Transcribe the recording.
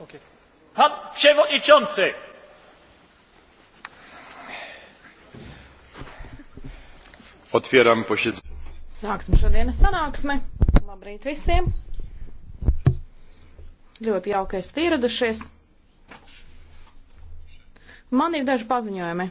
Okay. Pan przewodniczący! Otvieram posiedzenie. Sāksim šodienas sanāksmi. Labrīt visiem! Ļoti jauki esat ieradušies. Man ir daži paziņojumi.